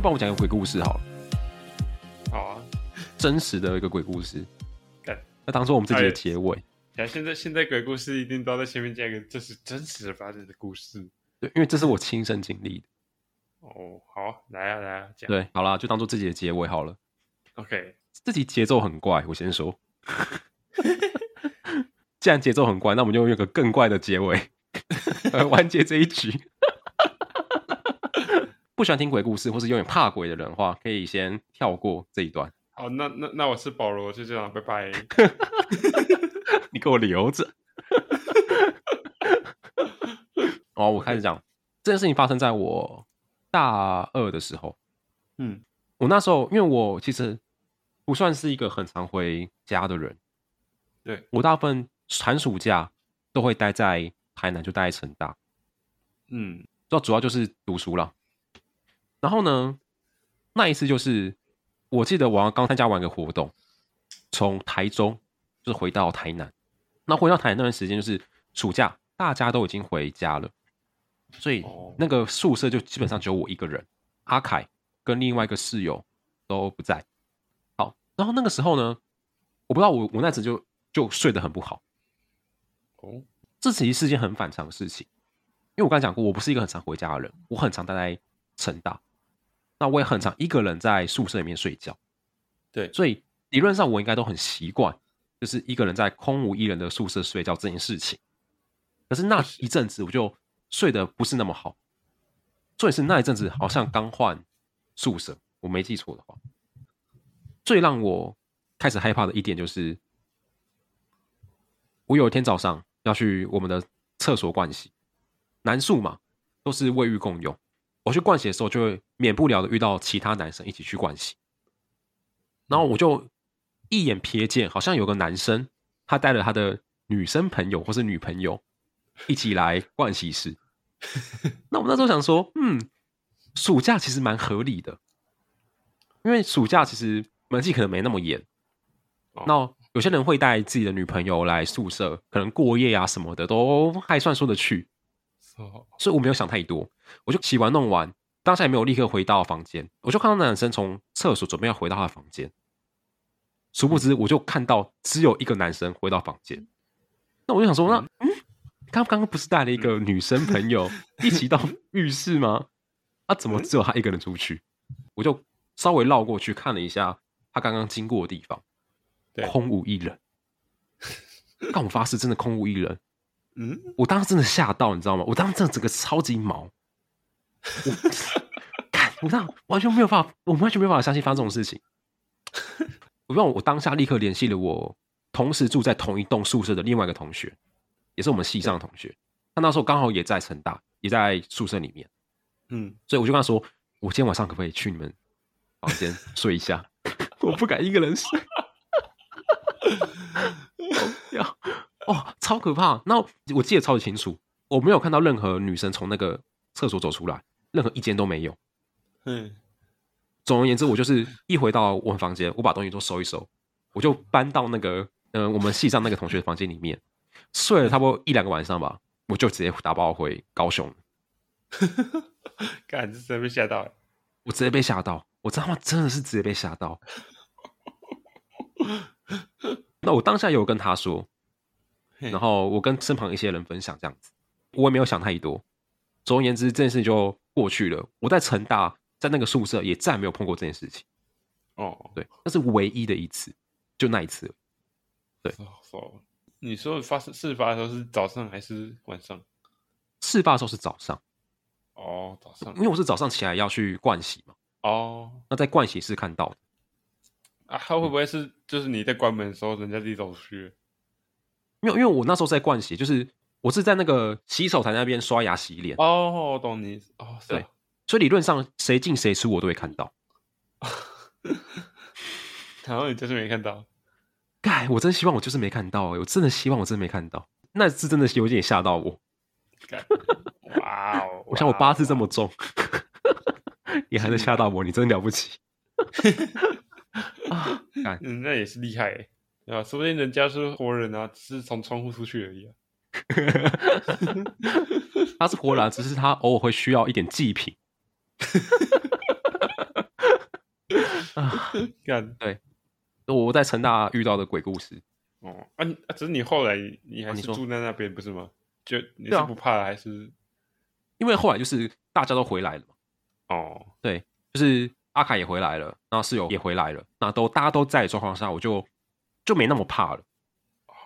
幫我講一個鬼故事好了。好啊，真實的一個鬼故事，那幹當做我們自己的結尾。那、哎、現在現在鬼故事一定都要在前面講一個真實真實的，這是真實發生的故事。對，因為這是我親身經歷的。哦，好，來啊來啊，講。對，好啦，就當做自己的結尾好了。OK，這集節奏很怪，我先說。 既然節奏很怪，那我們就用一個更怪的結尾，來，完結這一局。 不喜歡聽鬼故事，或是有點怕鬼的人的話，可以先跳過這一段。好，那那那我是保羅，就這樣，拜拜。 你給我留着。哦， 我開始講這件事情發生在我大二的時候。嗯，我那時候因為我其實不算是一個很常回家的人。對，我大部分寒暑假都會待在台南，就待在成大。嗯，主主要就是讀書啦。然後呢，那一次就是，我記得我剛剛參加完一個活動，從台中就是回到台南。那回到台南那段時間就是暑假，大家都已經回家了，所以那個宿舍就基本上只有我一個人，阿凱跟另外一個室友都不在。好，然後那個時候呢，我不知道我我那次就就睡得很不好。哦，這其實是件很反常的事情，因為我剛才講過，我不是一個很常回家的人，我很常待在成大。那我也很常一個人在宿舍裡面睡覺，對，所以理論上我應該都很習慣，就是一個人在空無一人的宿舍睡覺這件事情。可是那一陣子我就睡得不是那麼好，所以是那一陣子好像剛換宿舍，我沒記錯的話，最讓我開始害怕的一點就是，我有一天早上要去我們的廁所盥洗，男宿嘛，都是衛浴共用。我去盥洗的時候，就會免不了的遇到其他男生一起去盥洗，然後我就一眼瞥見，好像有個男生他帶了他的女生朋友或是女朋友一起來盥洗室。 那我那時候想說，嗯，暑假其實蠻合理的，因為暑假其實門禁可能沒那麼嚴。那有些人會帶自己的女朋友來宿舍，可能過夜啊什麼的，都還算說得去，所以我沒有想太多。我就洗完弄完，當下也沒有立刻回到房間。我就看到男生從廁所準備要回到他的房間，殊不知我就看到只有一個男生回到房間。那我就想說，那，嗯，他剛剛不是帶了一個女生朋友一起到浴室嗎？他、啊、怎麼只有他一個人出去？我就稍微繞過去看了一下他剛剛經過的地方，對空無一人。但我發誓真的空無一人。嗯，我當時真的嚇到，你知道嗎？我當時真的整個超級毛。 我，看我這樣完全沒有辦法，我完全沒有辦法相信發生這種事情。我用我當下立刻聯繫了我同時住在同一棟宿舍的另外一個同學，也是我們系上的同學。他那時候剛好也在成大，也在宿舍裡面。嗯，所以我就跟他說：“我今天晚上可不可以去你們房間睡一下？” 我不敢一個人睡。要 哦，超可怕！那我記得超級清楚，我沒有看到任何女生從那個廁所走出來。任何一間都沒有。嗯，總而言之，我就是一回到我房間，我把東西都收一收，我就搬到那個嗯、呃、我們系上那個同學的房間裡面睡了差不多一兩個晚上吧。我就直接打包回高雄。幹，直接被嚇到！我直接被嚇到！我他媽真的是直接被嚇到！那我當下有跟他說，然後我跟身旁一些人分享這樣子，我也沒有想太多。總而言之，這件事就。過去了，我在成大，在那個宿舍也再沒有碰過這件事情。哦，oh. 對，那是唯一的一次，就那一次了。對，so so. 你說發生事發的時候是早上還是晚上？事發的時候是早上。哦，oh, 早上，因為我是早上起來要去盥洗嘛。哦，oh. 那在盥洗室看到的。啊，他會不會是、嗯、就是你在關門的時候，人家自己走出去？沒有，因為我那時候在盥洗，就是。我是在那個洗手台那邊刷牙洗臉。哦，懂你意思哦，對，所以理論上誰進誰出我都會看到。然後 你就是沒看到？哎，我真的希望我就是沒看到，我真的希望我真的沒看到。那是真的有點嚇到我。哇哦！Wow, 我想我八字這麼重，你 Wow. 還能嚇到我？你真的了不起 啊！幹嗯，那也是厲害哎啊！說不定人家是活人啊，只是從窗戶出去而已啊。 他是活人，只是他偶爾會需要一點祭品。看，對，我在成大遇到的鬼故事。哦，啊，只是你後來你還是住在那邊，啊、不是嗎？就你是不怕、啊、還是因為後來就是大家都回來了嘛。哦，對，就是阿凱也回來了，然後室友也回來了，那都大家都在的狀況下，我就就沒那麼怕了。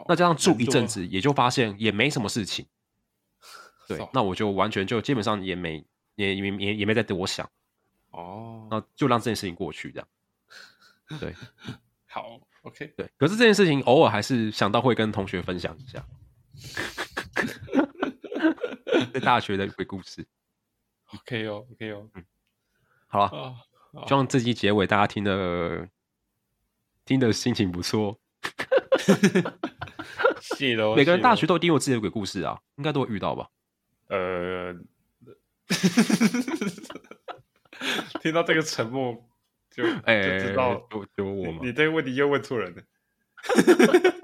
那這樣住一陣子，也就發現也沒什麼事情。對，那我就完全就基本上也沒也也也也沒再對我。想。哦，oh. 那就讓這件事情過去這樣。對， 好，OK，對。可是這件事情偶爾還是想到會跟同學分享一下在大學的鬼故事。OK 哦，OK 哦嗯，好啊，希望、oh. 這集結尾大家聽得聽得心情不錯。 是的，戲囉戲囉每個人大學都有自己的鬼故事啊，應該都會遇到吧？呃， 聽到這個沉默，就就知道就就、欸欸欸、我嗎？你這個問題又問錯人了。